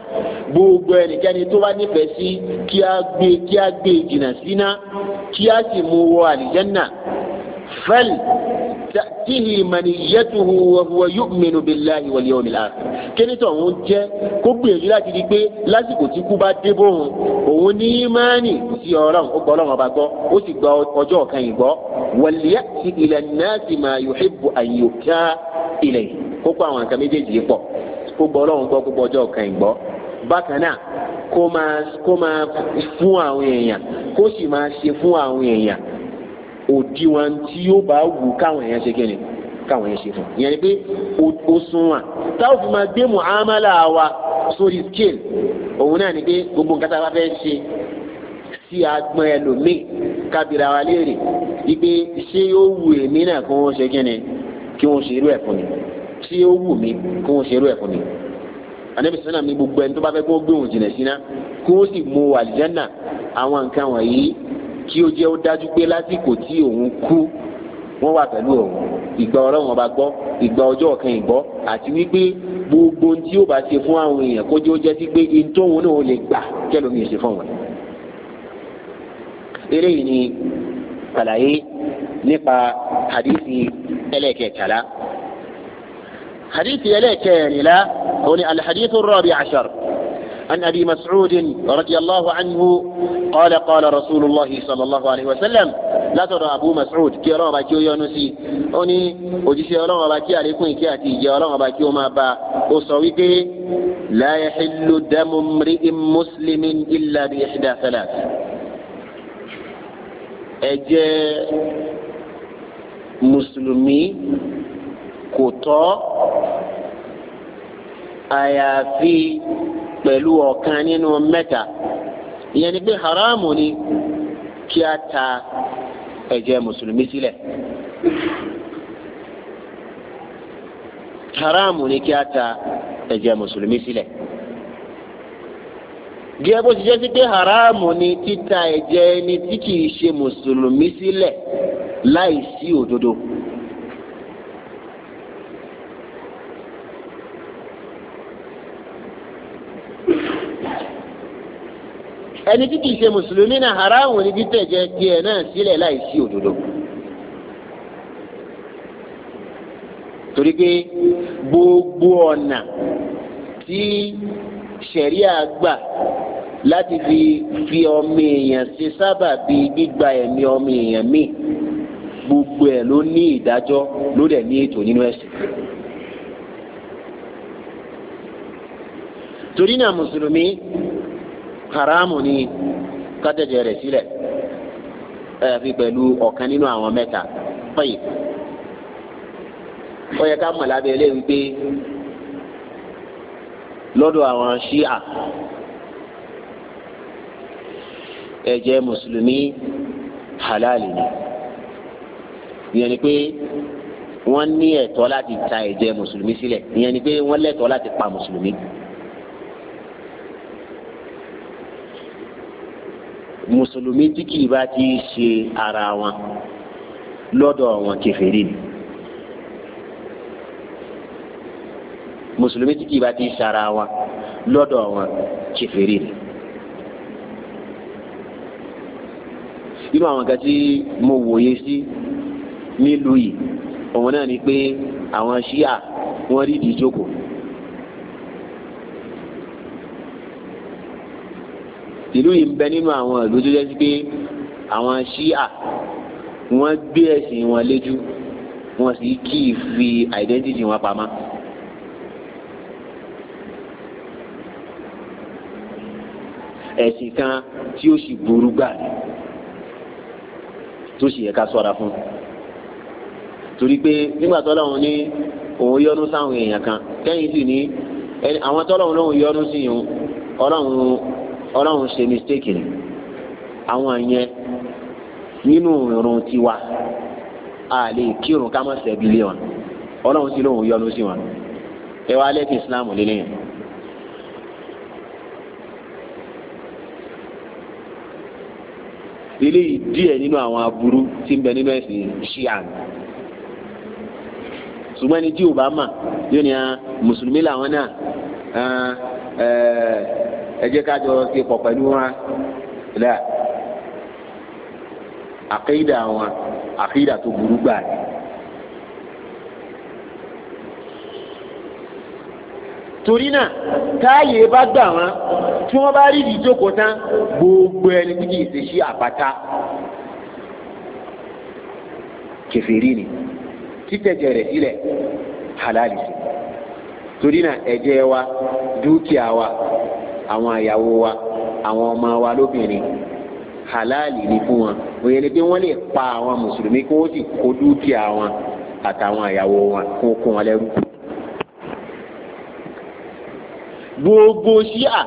بوغوني كان تو ني فسي كي اغبي كي اغبي جنا سينا الجنه فل تأتيه منيته وهو يؤمن بالله واليوم الآخر kíni tó ń jẹ́ kó gbìyànjú láti di pé lásìkò tí kú bá dé bóun òun ní ìmánì sí ọlọ́run ó gbọ́ ọlọ́run ọba gbọ́ ó sì gba ọjọ́ kan yìí gbọ́ وليأت إلى الناس ما يحب أن يؤتى إليه kó kó àwọn nǹkan méjèèjì pọ̀ kó gbọ́ ọlọ́run gbọ́ kó gbọ́ ọjọ́ kan yìí gbọ́ bákan náà kó máa fún àwọn èèyàn kó sì máa ṣe fún àwọn èèyàn òdiwọ̀n tí yóò bá wù káwọn èèyàn ṣe kíni káwọn èèyàn ṣe fún ìyẹn ni pé òṣùwọ̀n táwọn fi máa gbé mu'amala wa sórí scale òun náà ni pé gbogbo nǹkan tá a bá fẹ́ ṣe sí agbọn ẹlòmíì kábìrà wa léèrè wípé ṣé yóò wù èmi náà kí wọ́n ṣe kíni kí wọ́n ṣe irú ẹ̀ fún mi ṣé yóò wù mí kí wọ́n ṣe irú ẹ̀ fún mi anabi sọ́nà mi gbogbo ẹni tó bá fẹ́ kó gbé òun jìnà síná kó sì mú àlìjánà tí ó jẹ́ ó dájú pé lásìkò tí òun kú wọ́n wà pẹ̀lú òun ìgbà ọlọ́run ọba gbọ́ ìgbà ọjọ́ kan ìgbọ́ àti wípé gbogbo ohun tí ó bá ṣe fún àwọn èèyàn kó jẹ́ ó jẹ́ sí pé ìtòhun náà ó lè gbà kẹ́lómi ṣe fún wọn. eléyìí ni àlàyé nípa hadithi ẹlẹ́kẹ̀ẹ́kàlá hadithi ẹlẹ́kẹ̀ẹ́rìnlá òun ni alhadithu rọ́ọ̀bì àṣàrò. عن أبي مسعود رضي الله عنه قال قال رسول الله صلى الله عليه وسلم لا ترى أبو مسعود كي الله باكي يونسي أني وجيسي الله باكي عليكم كي أتي جي الله باكي وما با أصويك لا يحل دم امرئ مسلم إلا بإحدى ثلاث ẹ̀jẹ̀ مسلمي kò àyàfi pẹ̀lú ọ̀kan nínú mẹ́ta ìyẹn ni pé haramu ni kí a ta ẹ̀jẹ̀ mùsùlùmí sílẹ̀ haramu ni kí a ta ẹ̀jẹ̀ mùsùlùmí sílẹ̀ gẹ́gẹ́ bó ti jẹ́ sí pé haramu ni títa ẹ̀jẹ̀ ẹni tí kìí ṣe mùsùlùmí sílẹ̀ láì sí òdodo. Si ẹni tí kìí ṣe mùsùlùmí náà haramu ni títẹ̀ jẹ díẹ̀ náà sílẹ̀ láì sí òdodo. torí pé gbogbo ọ̀nà tí ṣẹ̀ríà gbà láti fi fi ọmọ èèyàn ṣe sábà bí gbígba ẹ̀mí ọmọ èèyàn míì gbogbo ẹ̀ ló ní ìdájọ́ ló dẹ̀ ní ètò nínú ẹ̀sìn. torí náà mùsùlùmí haramu ni kádẹ́jẹ rẹ̀ sílẹ̀ àyàfi pẹ̀lú ọ̀kan nínú àwọn mẹ́ta fẹ́yì ó yẹ ká mọ̀ lábẹ́ ilé wípé lọ́dọ̀ àwọn ṣíà ẹ̀jẹ̀ mùsùlùmí halal ni ìyẹn ni pé wọ́n ní ẹ̀tọ́ láti ta ẹ̀jẹ̀ mùsùlùmí sílẹ̀ ìyẹn ni pé wọ́n lẹ́tọ̀ọ́ láti pa mùsùlùmí. mùsùlùmí tí kì í bá ti ṣe ara wọn lọ́dọ̀ wọn kèfèrí ni mùsùlùmí tí kì í bá ti ṣe ara wọn lọ́dọ̀ wọn kèfèrí ni. nínú àwọn kan tí mo wòye sí nílùú yìí òun náà ni pé àwọn ṣíà wọ́n rí ìdíjókòó. ìlú yìí ń bẹ nínú àwọn ìlú tó jẹ́ sí pé àwọn ṣíà wọ́n gbé ẹ̀sìn wọn léjú wọ́n sì kì í fi identity wọn pamọ́. ẹ̀sìn kan tí ó sì burú gbà tó sì yẹ ká sọ́ra fún torí pé nígbà tọ́lọ́run ní òun yọ́nú sáwọn èèyàn kan kẹ́yìn sì ní àwọn tọ́lọ́run lóun yọ́nú sí yìí ọlọ́run ọlọ́run ṣe mistake ni àwọn yẹn nínú ìrun tiwa a lè kírun ká má ṣẹ̀bi lé wọn ọlọ́run sì lóun yọ́nú sí wọn ẹ wá lẹ́kìn islam lélẹ́ yẹn. eléyìí díẹ̀ nínú àwọn aburú tí ń bẹ nínú ẹ̀sìn ṣíàn ṣùgbọ́n ẹni tí ò bá mà yóò ní ah, mùsùlùmí làwọn náà ah, eh, ẹ jẹ́ ká jọ ṣe pọ̀ pẹ̀lú wọn lẹ́ àkéyìdà wọn àkéyìdà tó burú gbà ní. torí náà táàyè bá gbà wọn tí wọ́n bá rí ìdíjókòó tán gbogbo ẹni tí kìí ṣe sí àpáta kẹfìrí ni títẹ̀jẹ̀ rẹ̀ sílẹ̀ halali torí náà ẹ̀jẹ̀ wa dúkìá wa àwọn àyàwó wa àwọn ọmọ wa lóbìnrin halali ni fún wọn òye ni pé wọ́n lè pa àwọn mùsùlùmí kí wọ́n sì kó dúkìá wọn àtàwọn àyàwó wọn kó kó wọn lẹ́rú. gbogbo ṣíà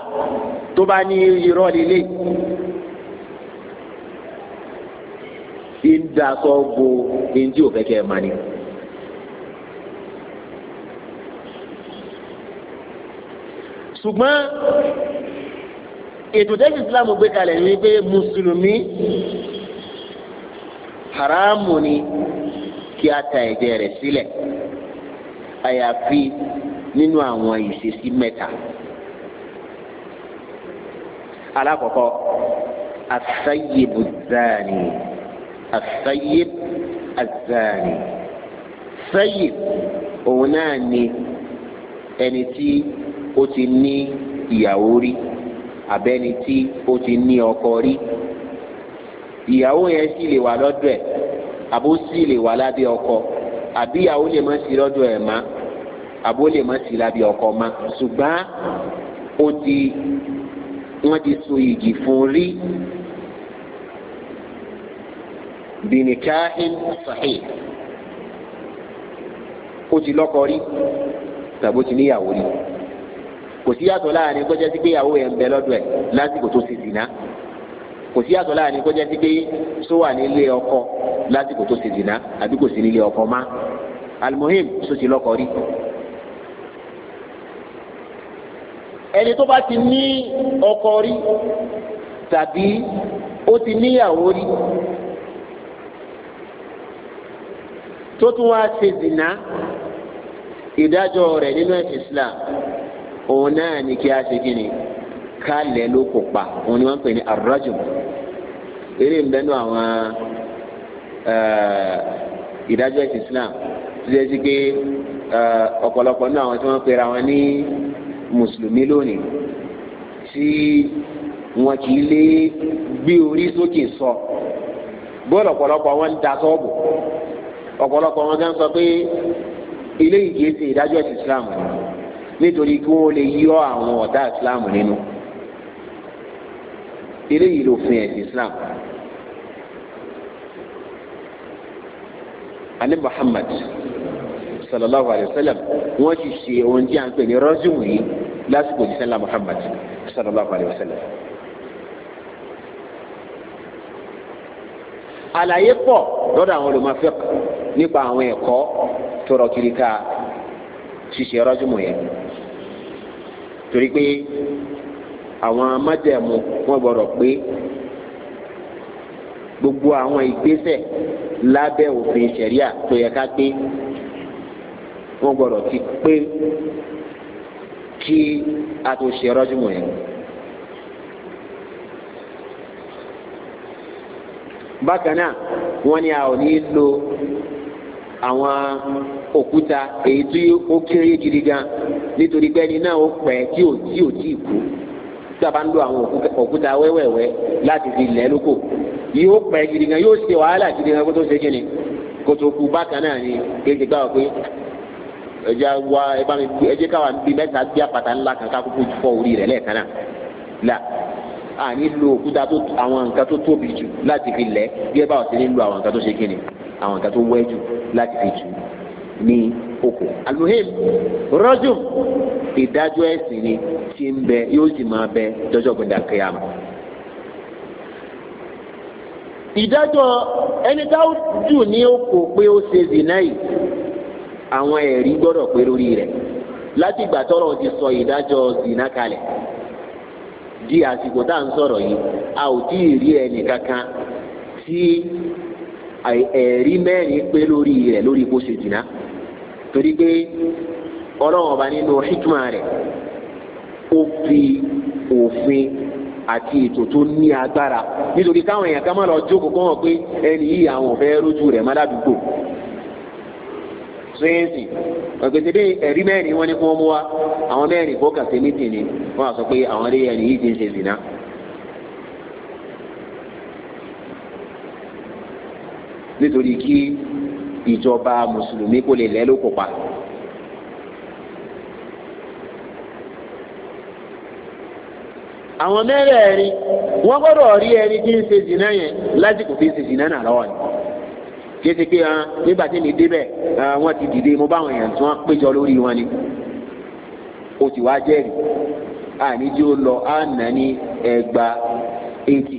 tó bá ní irọ́ líle ń ẹni tí ò fẹ́ kẹ́ ẹ máa ní. ṣùgbọ́n ètò tẹ́sí islam gbé kalẹ̀ ní pé mùsùlùmí haramu ni kí a ta ẹ̀jẹ̀ rẹ̀ sílẹ̀ àyàfi nínú àwọn ìṣesí mẹ́ta alakoko asayibu zani asayib azani sayib òun náà ni ẹni tí ó ti ní ìyàwó rí àbẹ́ni tí ó ti ní ọkọ rí ìyàwó yẹn sì lè wà lọ́dọ̀ ẹ̀ àbó sì lè wà lábẹ́ ọkọ àbí ìyàwó lè má sí lọ́dọ̀ ẹ̀ má àbó lè má sí lábẹ́ ọkọ má ṣùgbọ́n ó ti wọ́n ti so igi fún rí binikahin sahih ó ti lọ́kọ rí tàbí ó ti níyàwó rí kò sí yàtọ̀ láàrin kọjá sí pé ìyàwó yẹn ń bẹ lọ́dọ̀ ẹ̀ lásìkò tó ṣe zìnà kò sí yàtọ̀ láàrin kọjá sí pé só wà nílé ọkọ lásìkò tó ṣe zìnà àbí kò sí nílé ọkọ má almuhim só ti lọ́kọ rí. ẹni tó bá ti ní ọkọ rí tàbí ó ti níyàwó rí tó tún wá ṣe zìnà ìdájọ́ rẹ̀ nínú ẹ̀sìn Islam òun náà ni kí a ṣe kí ni ká lẹ̀ ló kò pa òun ni wọ́n pè ní arrajum eré ń bẹ́nu àwọn eh, ìdájọ́ ẹ̀sìn Islam tó ṣe sí pé eh, ọ̀pọ̀lọpọ̀ nínú àwọn tí wọ́n pera wọn ní mùsùlùmí lónìí tí wọn kì í lè gbé orí sókè sọ bọ́ọ̀lù ọ̀pọ̀lọpọ̀ wọn ń da sọ́ọ̀bù ọ̀pọ̀lọpọ̀ wọn gán sọ pé eléyìí kìí ṣe ìdájọ́ ẹ̀sìn Islam nítorí kí wọ́n lè yọ àwọn ọ̀tá islam nínú eléyìí lòfin ẹ̀sìn islam ali muhammad sallallahu alayhi wa sallam wọ́n ti ṣe ohun tí a ń pè ní rọ́sùn yìí lásìkò ìṣẹ́lá muhammad sallallahu alayhi wa sallam. àlàyé pọ̀ lọ́dọ̀ àwọn olùmọ̀fẹ́ nípa àwọn ẹ̀kọ́ tó kiri ká ṣíṣe rọ́júmọ̀ yẹn torí pé àwọn májẹ̀mú wọn gbọ́dọ̀ pé gbogbo àwọn ìgbésẹ̀ lábẹ́ òfin ṣẹ̀ríà tó yẹ ká gbé wọ́n gbọ́dọ̀ ti pé kí a tó ṣe rọ́júmọ̀ yẹn. bákan náà wọ́n ní a ò ní lo àwọn òkúta èyí tí ó kéré gidi gan nítorí pé ẹni náà ó pẹ́ tí ò tí ò tí ì kú tí a bá ń lo àwọn òkúta wẹ́wẹ́wẹ́ láti fi lẹ́ lóko yóò pẹ́ gidi gan yóò ṣe wàhálà gidi gan kó tó ṣe kíni kó tó kú bákan náà ni kéde gbà pé ẹjẹ wa ẹbá mi ẹjẹ káwa bí mẹ́ta bí apàtà ńlá kan ká kúkú fọ́ orí rẹ̀ lẹ́ẹ̀kan náà là àní lo òkúta tó àwọn nǹkan tó tóbi jù láti fi lẹ́ bí ẹ bá ọ̀sẹ̀ ní lo àwọn nǹkan tó ṣe kíni. àwọn nǹkan tó wẹ́ láti fi jù ní oko almuhim rajum ìdájọ́ ẹ̀sìn ni tí ń bẹ yóò sì máa bẹ dọ́jọ́ gbẹ̀dà kíyámà ìdájọ́ ẹni tá jù ní oko pé ó ṣe zina yìí àwọn ẹ̀rí gbọ́dọ̀ pé lórí rẹ̀ láti ìgbà ti sọ ìdájọ́ zina kalẹ̀ di àsìkò tá à ń sọ̀rọ̀ yìí a ò tí ì rí ẹnì kankan ẹ̀rí mẹ́rin pé lórí rẹ̀ lórí bó ṣe jìnnà torí pé ọlọ́run ọba nínú hikma rẹ̀ ó fi òfin àti ètò tó ní agbára nítorí káwọn èèyàn ká má lọ jókòó kọ́ wọn pé ẹni yìí àwọn ò fẹ́ rójú rẹ̀ má sẹ́yìnsì ẹ̀rí wọn ni wọ́n mú wa àwọn mẹ́rin ni pé àwọn ẹni nítorí kí ìjọba mùsùlùmí kò lè lẹ́ lóko pa. àwọn mẹ́rẹ̀ẹ̀rin wọ́n gbọ́dọ̀ rí ẹni tí ń ṣe jìnnà yẹn lásìkò tí ń ṣe jìnnà náà lọ́wọ́ ni kéèsì pé hàn ah, nígbà tí mi débẹ̀ ah, wọ́n ti dìde mo bá àwọn èèyàn tí wọ́n péjọ lórí wọn ni o ti wá jẹ́rìí àníjú ó lọ àná ní ẹgbàá eighty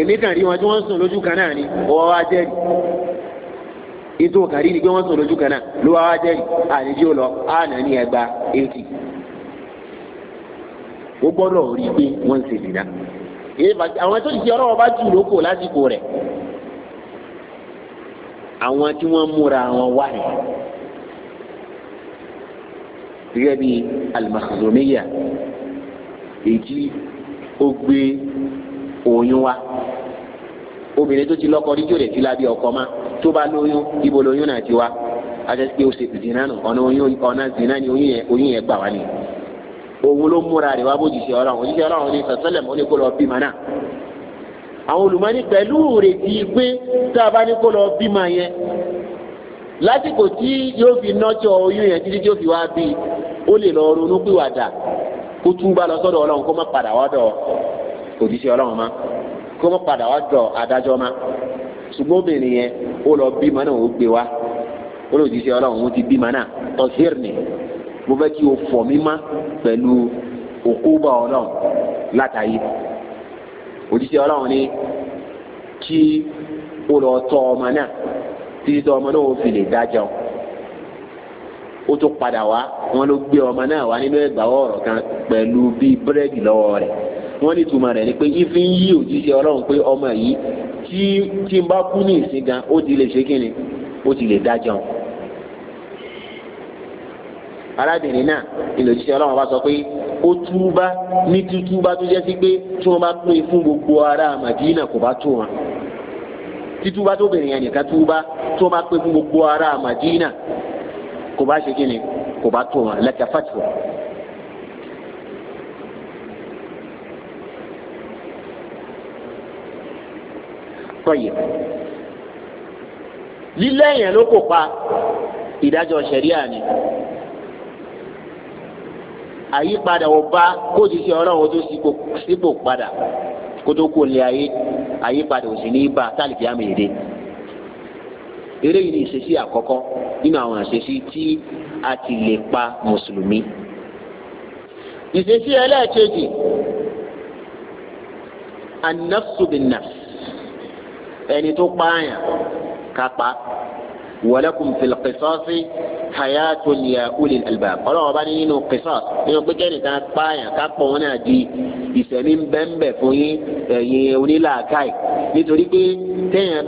èmi kàn rí wọn tí wọ́n ń sùn lójú kan náà ni wọ́n wá jẹ́rìí ètò kàrí ni pé wọ́n sùn lójú kan náà ló wá wá jẹ́rìí àníjó lọ àná ní ẹgba eighty ó gbọ́dọ̀ rí i pé wọ́n ń ṣe ìdìnnà àwọn tó ti di ọlọ́wọ́ bá jù lóko lásìkò rẹ̀ àwọn tí wọ́n múra wọn wá rẹ̀ gẹ́gẹ́ bí al èyí ó gbé oyún wa obìnrin tó ti lọ́kọ rí jòlè ti lábẹ́ ọkọ ma tó bá lóyún ibo lóyún náà ti wá ajẹ́sí o ṣe zina nù ọ̀nà oyún ọ̀nà zina ni oyún yẹn oyún yẹn gbà wá ni òun ló múra rẹ̀ wá bójú ṣe ọlọ́run ojúṣe ọlọ́run ní sọ̀tẹ́lẹ̀ mọ́ ní kó lọ bímọ náà àwọn olùmọ́ni pẹ̀lú ìrètí pé tá a bá ní kó lọ bímọ yẹn lásìkò tí yóò fi nọ́jọ́ oyún yẹn títí tí yóò fi wá bí ó lè lọ ronú pìwàdà kó túbà lọ sọ́dọ̀ ọlọ́run kó má padà wá kò jíṣẹ́ ọlọ́run ma kó mọ́ padà jọ adájọ́ ma ṣùgbọ́n obìnrin yẹn ó lọ bímọ náà ó gbé wa ó lọ jíṣẹ́ ọlọ́run mo ti bímọ náà tọ́sír ni mo fẹ́ kí o fọ̀ mí pẹ̀lú òkú bá ọlọ́run látàyè ọlọ́run ni kí ó lọ tọ́ ọmọ náà títí tọ́ ọmọ náà ó fi lè dájọ́ ó tún padà wá wọn ló gbé ọmọ náà wá nínú kan pẹ̀lú bíi búrẹ́dì lọ́wọ́ rẹ̀ wọ́n ní ìtumọ̀ rẹ̀ ni pé ifi ń yí òjíṣẹ́ ọlọ́run pé ọmọ yìí tí tí n bá kú ní ìsìn gan ó ti lè ṣe kí ni ó ti lè dájọ́ arábìnrin náà ilé òjíṣẹ́ ọlọ́run bá sọ pé ó túbá ní túbá tó jẹ́ sí pé tí wọ́n bá pín fún gbogbo ará Màdínà kò bá tó wọn títúbá tó bẹ̀rẹ̀ yẹn nìkan túbá tí wọ́n bá pín fún gbogbo ará Màdínà kò bá ṣe kí ni kò bá tó wọn lẹ́kẹ̀ẹ́ fàtìwọ̀n. tọ̀yẹ̀ lílẹ́yìn ló kò pa ìdájọ́ ṣẹ̀ríà ni àyípadà ọba kó ti ṣe ọlọ́run ó tó sípò padà kó tó kó lé ayé àyípadà òsì ní ibà tálíkì àmì èdè eléyìí ni ìṣesí àkọ́kọ́ nínú àwọn ìṣesí tí a ti lè pa mùsùlùmí ìṣesí ẹlẹ́ẹ̀kejì an bin-nafs ẹni tó pààyàn kápá walakum fil qisasi hayatun ya ulil albab ọlọ́wọ́ bá ní nínú qisas nínú pé kẹ́ni kan pààyàn kápọ̀ wọn náà di ìsẹ̀mí bẹ́ńbẹ̀ fún yín ẹ̀yin onílàákàyè nítorí pé téèyàn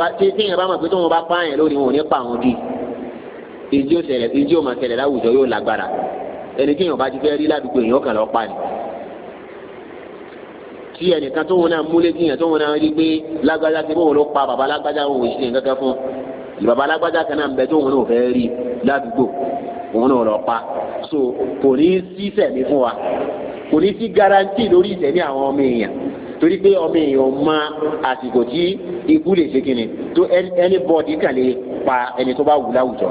bá mọ̀ pé tóun bá pààyàn lónìí wọn ò ní pa àwọn di ìdí ò máa ṣẹlẹ̀ láwùjọ yóò lágbára ẹni téèyàn bá ti fẹ́ rí ládùúgbò èèyàn kan lọ́ọ́ pààyàn tí ẹnìkan tó wọn náà múlé jiyàn tó wọn náà rí pé lágbájá ti bóun ló pa bàbá lágbájá òun ìṣe nǹkan fún bàbá lágbájá kan náà ń bẹ tó wọn náà fẹ́ rí ládùúgbò òun náà lọ pa so kò ní sí sẹ̀mí fún wa kò ní sí garanti lórí ìsẹ̀mí àwọn ọmọ èèyàn torí pé ọmọ èèyàn mọ àsìkò tí ikú lè ṣe kíni tó ẹni bọ́ọ̀dì kàn lè pa ẹni tó bá wù láwùjọ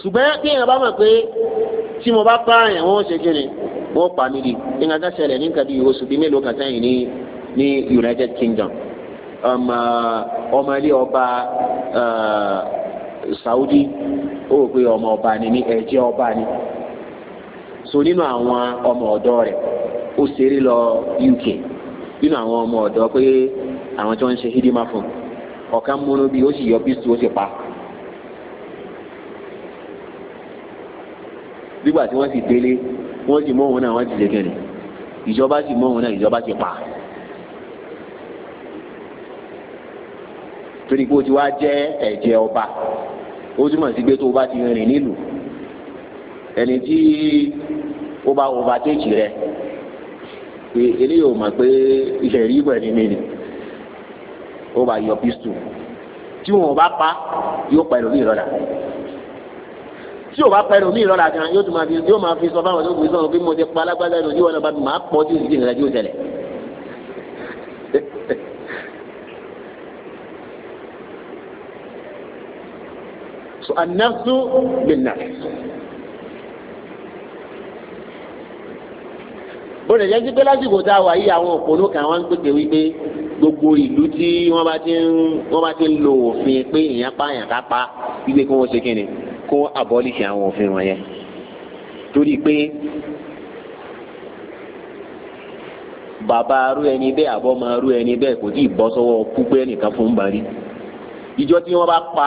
ṣùgbọ́n kí èèyàn bá mọ̀ pé tí mo bá pààyàn wọ́n ṣe kíni wọ́n pa mí di nǹkan kan ṣẹlẹ̀ ní nǹkan bí oṣù bíi mélòó kan sẹ́yìn ní United Kingdom um, uh, ọmọ ọba uh, Saudi ó rò pé ọmọ ọba ni ní ẹ̀jẹ̀ ọba ni so nínú àwọn ọmọ ọ̀dọ́ rẹ̀ ó UK nínú àwọn ọmọ ọ̀dọ́ pé àwọn tí wọ́n ń yọ ó nígbà tí wọ́n sì délé wọ́n sì mú òun náà wọ́n ti dẹ́kẹ̀rẹ̀ ìjọba sì mú òun náà ìjọba ti pa. torí pé o ti wá jẹ́ ẹ̀jẹ̀ ọba ó túmọ̀ sí pé tó o bá ti rìn nílùú ẹni tí ó bá overtake rẹ pé eléyìí ò mọ̀ pé iṣẹ́ rí pẹ̀lú mi ni ó bá yọ pistol tí wọn ò bá pa yóò pa ẹlòmíràn náà tí o bá pa ẹnu mi ìrọ̀lá kan yóò tún máa fi yóò máa fi sọ fáwọn tó kù sọ̀rọ̀ bí mo ti pa alágbádá ẹnu yóò náà bá máa pọ̀ sí ìdí ìrìnàjò yóò tẹ̀lẹ̀. so anafsu binna. bó lè jẹ́ sí pé lásìkò tá a wà yí àwọn òpònú kan wọ́n ń pèsè wípé gbogbo ìlú tí wọ́n bá ti ń wọ́n bá ti ń lo òfin pé ìyẹn pa ìyẹn ká pa wípé kí wọ́n ṣe kí ni. kó abọ́líṣì àwọn òfin wọ̀nyẹn torí pé bàbá arú ẹni bẹ́ẹ̀ àbọ̀mọ arú ẹni bẹ́ẹ̀ kò tí bọ́ sọ́wọ́ púpẹ́ nìkan fún bari ìjọ tí wọ́n bá pa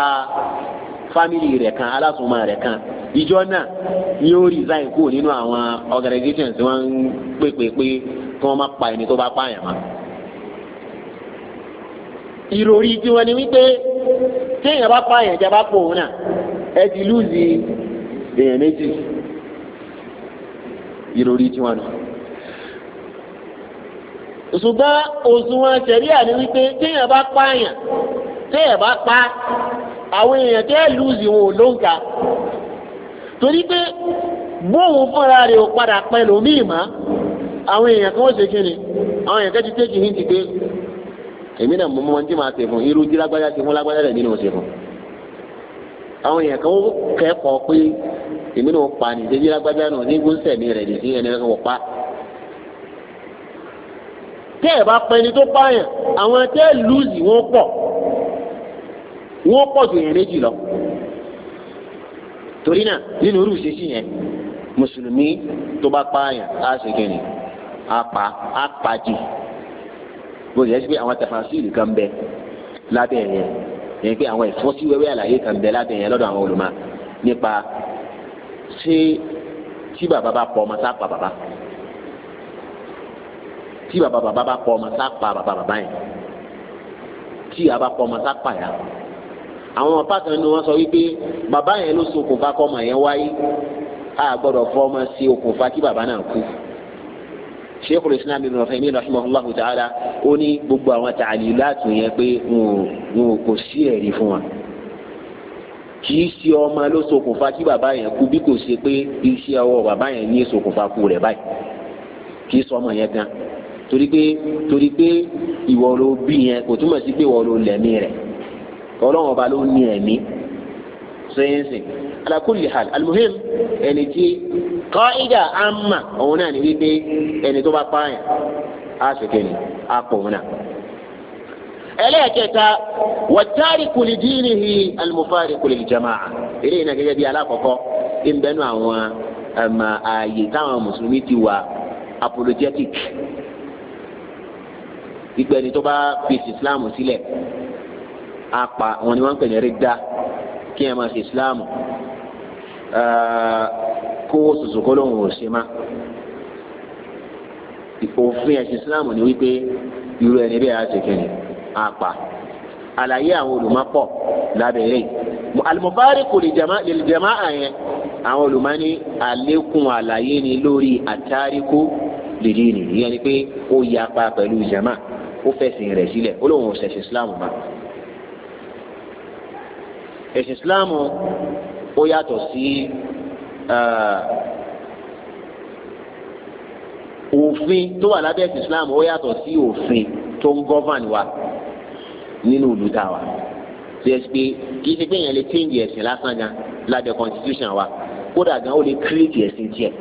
fámìlì rẹ̀ kan alásùnmọ́ rẹ̀ kan ìjọ náà ni ó resign kúrò nínú àwọn organizations tí wọ́n ń pe pe kí wọ́n pa ẹni tó bá pa tiwọn ni wípé bá bá òun ẹ ti lùzì èèyàn méjì ìròrí tiwọn nù ṣùgbọ́n òṣùwọ̀n ṣẹ̀ríà ni wípé téèyàn bá pààyàn téèyàn bá pa àwọn èèyàn tẹ́ lùzì wọn ò lóǹkà torí pé bóun fúnra rẹ̀ ò padà pẹ̀lú míì mọ́ àwọn èèyàn kan ó ṣe kí ni àwọn èèyàn kan ti tẹ́kì hìntì pé èmi náà mo mọ ohun tí màá ṣe fún irú tí lágbájá ṣe fún lágbájá rẹ̀ nínú ṣe fún àwọn èèyàn kan ó kẹ́kọ̀ọ́ pé èmi náà pa ní ìdíjí lágbájá náà ní gbóńsẹ̀mí rẹ̀ nìdí ẹni rẹ̀ wọ̀ pa. tẹ́ ẹ̀ bá pẹ́ni tó pààyàn àwọn tẹ́ ẹ̀ lùzì wọ́n pọ̀ wọ́n pọ̀ ju èèyàn méjì lọ. torí náà nínú irú ìṣesí yẹn mùsùlùmí tó bá pààyàn á ṣe kẹ́ni á pa á pa jù bó ṣe é pé àwọn tàfàṣìlì kan bẹ lábẹ́ yẹn yẹn pé àwọn ìfọ́síwẹ́wẹ́ àlàyé kan bẹ lábẹ́ yẹn lọ́dọ̀ àwọn olùmọ̀ nípa ṣé tí bàbá bá pọ̀ ọmọ sáà pa bàbá tí bàbá bàbá bá pọ̀ ọmọ sáà pa bàbá bàbá yẹn tí ìyá bá pọ̀ ọmọ sáà pa yá àwọn apákan ni wọ́n sọ wípé bàbá yẹn ló ṣokùnfà kọ́mọ yẹn wáyé a gbọ́dọ̀ fọ́ ọmọ sí okùnfà kí bàbá náà kú sheikh islam ibn rahimi rahimahullahu ta'ala ó ní gbogbo àwọn tààlì láti yẹn pé wọn kò sí ẹ̀rí fún wa kì í ṣe ọmọ ló ṣokùnfà kí bàbá yẹn kú bí kò ṣe pé iṣẹ́ ọwọ́ bàbá yẹn ní ṣokùnfà kú rẹ̀ báyìí kì í ṣe ọmọ yẹn gan torí pé torí pé ìwọ ló bí yẹn kò túmọ̀ sí pé ìwọ ló lẹ̀mí rẹ̀ ọlọ́run ọba ló ní ẹ̀mí sẹ́yìnsì ala kulli hal alimuhim ẹni tí qaida amma òun náà ní wípé ẹni tó bá pààyàn á sì kéde á pọ̀ òun náà. ẹlẹ́ẹ̀kẹta wattariku li dinihi al-mufariqu lil jama'a eré iná gẹ́gẹ́ bí alákọ̀ọ́kọ́ ìbẹ́nu àwọn ààyè táwọn mùsùlùmí ti wà apologetic ìgbẹ́ni tó bá fi ìsìlámù sílẹ̀ apá wọn ni wọ́n ń pè ní rídà kí ẹ máa ṣe islam kó sòsò kó lóun ò ṣe má òfin ẹ̀sìn islam ni wípé irú ẹni bẹ́ẹ̀ á ṣe kìnnì á pa àlàyé àwọn olùmọ̀pọ̀ lábẹ́rẹ́ alimọ̀fárí kò lè jama lè jama àyẹn àwọn olùmọ̀ni àlékún àlàyé ni lórí àtàríkó lèdí nìyí yẹn ni pé ó yapa pẹ̀lú jama ó fẹ̀sìn rẹ̀ sílẹ̀ ó lóun ò ṣẹ̀ṣẹ̀ islam ma ẹ̀sìn Islamu ó yàtọ̀ sí òfin tó wà lábẹ́ ẹ̀sìn ìsìláàmù ó yàtọ̀ sí òfin tó ń gọ́fàn wa nínú ìlú tá a wà tí ẹ pé kì í ṣe pé èèyàn lè change ẹ̀sìn lásán gan lábẹ́ constitution wa kódà gan ó lè create ẹ̀sìn tiẹ̀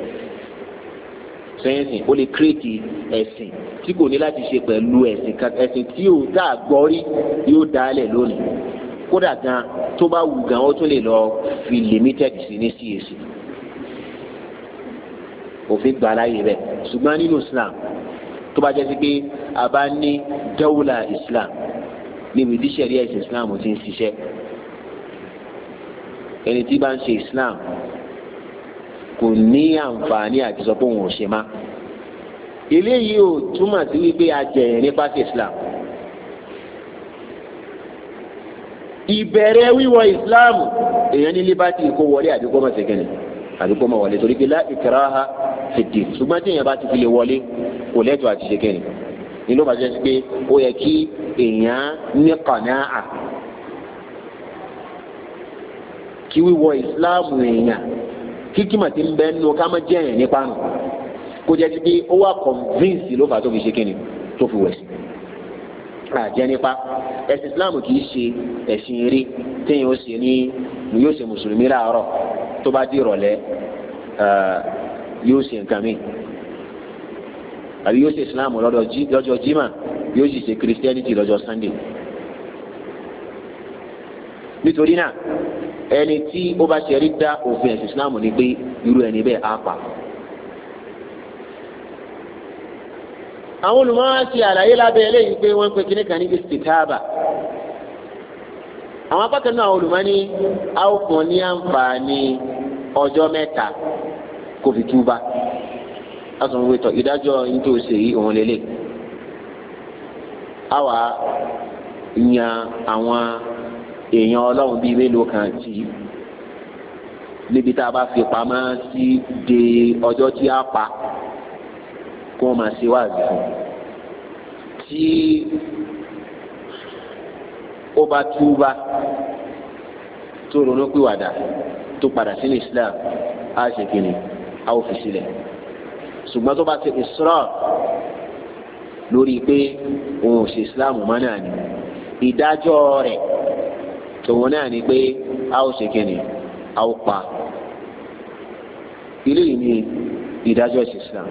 sẹ́yìnsìn ó lè create ẹ̀sìn tí kò ní láti ṣe pẹ̀lú ẹ̀sìn kan ẹ̀sìn tí ò tá a yóò dálẹ̀ lónìí kódà gan tó bá wù gan ó tún lè lọ fi limited sí ní CAC òfin gbà láyè rẹ ṣùgbọ́n nínú Islam tó bá jẹ́ sí pé a bá ní dawla Islam níbi tí sẹ̀ríà ìsìn Islam ti ń ṣiṣẹ́ ẹni tí bá ń ṣe Islam kò ní àǹfààní àti sọ pé òun ò ṣe má eléyìí ò túmọ̀ sí wípé a jẹ̀yẹ̀ nípa ti Islam. ìbẹ̀rẹ̀ wíwọ islam èèyàn ní liberty kó wọlé àbí kó má ṣe kẹ́ni àbí kó má wọlé torí pé la ikraha fìdí ṣùgbọ́n tí èèyàn bá ti fi lè wọlé kò lẹ́tọ̀ọ́ àti ṣe kẹ́ni nínú bàjẹ́ sí pé ó yẹ kí èèyàn ní kànáà kí wíwọ islam èèyàn kíkìmọ̀ ti ń bẹ́ nù ká má jẹ́ èèyàn nípa nù kó jẹ́ sí pé ó wà convince ló fà tó fi ṣe tó fi wẹ̀ sí àjẹ́ nípa ẹ̀sìn islam kì í ṣe ẹ̀sìn eré téèyàn ó ṣe ní yóò ṣe mùsùlùmí láàárọ̀ tó bá di ìrọ̀lẹ́ yóò ṣe nǹkan mi àbí yóò ṣe islam lọ́jọ́ jimá yóò sì ṣe christianity lọ́jọ́ sunday nítorí náà ẹni tí ó bá ṣe rí dá òfin ẹ̀sìn islam ni pé irú ẹni bẹ́ẹ̀ á pa. àwọn olùmọ̀ọ́ ṣe àlàyé lábẹ́ eléyìí pé wọ́n ń pe kíní kan ní istitaba àwọn apákan náà olùmọ́ni a ó fún ní àǹfààní ọjọ́ mẹ́ta kò fi túba a sọ wípé tọ ìdájọ́ nítòsí yìí òun lélẹ̀ a yan àwọn èèyàn ọlọ́run bíi mélòó kan tí níbi tá a bá fi pamọ́ sí de ọjọ́ tí a pa kó máa ṣe wáàzì fún tí ó bá túbá tó ronú pìwàdà tó padà sínú islam á ṣe kìnnì á ò fi sílẹ̀ ṣùgbọ́n tó bá ṣe ìṣúra lórí pé òun ò ṣe islam mọ́ náà ni ìdájọ́ rẹ̀ tòun náà ni pé a ó ṣe kìnnì a ó pa ilé yìí ni ìdájọ́ ìṣe islam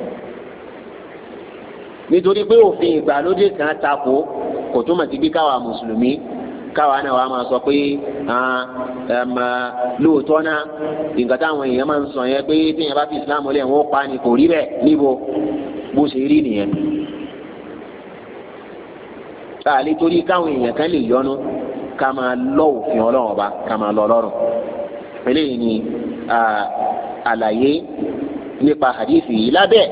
nítorí pé òfin ìgbàlódé kan takò kò túmọ̀ sí bí káwa mùsùlùmí káwa náà wàá máa sọ pé ah, lóòótọ́ náà nǹkan táwọn èèyàn máa ń sọ yẹn pé téèyàn bá fi Islam lẹ̀ wọ́n pa ni kò rí bẹ́ẹ̀ níbo bó ṣe rí nìyẹn. àlè torí káwọn èèyàn kan lè yọnu ká máa lọ òfin ọlọ́run ọba ká máa lọ lọ́rùn eléyìí ni àlàyé nípa hadithi yìí lábẹ́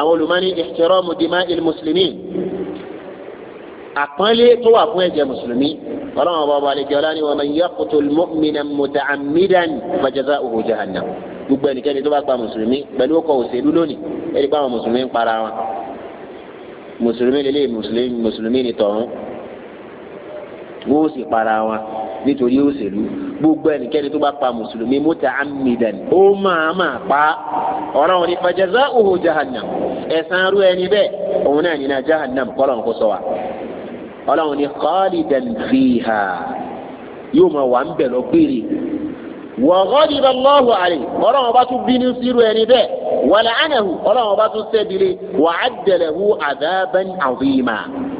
àwọn olùmọ́ni ihtiramu dima'il àpọ́nlé tó wà fún ẹ̀jẹ̀ mùsùlùmí ọlọ́run ọba ọba àlejò ọlá ni wa man yaqtul mu'minan muta'ammidan fajaza'uhu jahannam gbogbo ẹnikẹ́ni tó bá pa mùsùlùmí pẹ̀lú ọkọ̀ òṣèlú lónìí ẹni pa àwọn mùsùlùmí ń para wọn mùsùlùmí lélẹ̀ mùsùlùmí ni tọ̀hún wọ́n sì para wọn nítorí òṣèlú gbogbo ẹnikẹ́ni tó bá pa mùsùlùmí muta'ammidan ó máa máa pa ọ̀rọ̀ wọn ni fajaza'uhu jahannam ẹ̀san arú ẹni bẹ́ẹ̀ ọlọ́run ní khalidan fiha yóò máa wà ń bẹ̀ lọ gbére wa ghadiba Allahu alayhi ọlọ́run ọba tún bínú sírú ẹni bẹ́ẹ̀ wa la'anahu ọlọ́run ọba tún sẹ́bìlẹ̀ wa adda lahu adhaban azima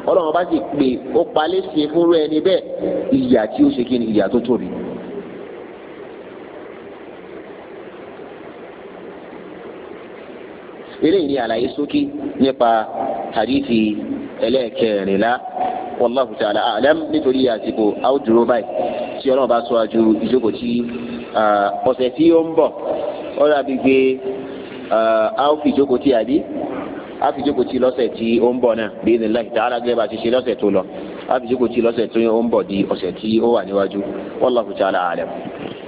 ọlọ́run ọba sì pé ó palẹ̀ ṣe fúnrú ẹni bẹ́ẹ̀ ìyà tí ó ṣe kí ni ìyà tó tóbi. eléyìí ni àlàyé ṣókí nípa hadithi ẹlẹ́ẹ̀kẹrìnlá wallahu ta'ala a'lam nítorí àsìkò a ó dúró báyìí tí ọlọ́run bá sọ àjò ìjókòó tí ọ̀sẹ̀ tí ó ń bọ̀ ó dàbí pé a ó fi ìjókòó tí àbí a tí lọ́sẹ̀ tí ó ń bọ̀ lọ tí lọ́sẹ̀ tó ń bọ̀ di ọ̀sẹ̀ tí ó wà níwájú ta'ala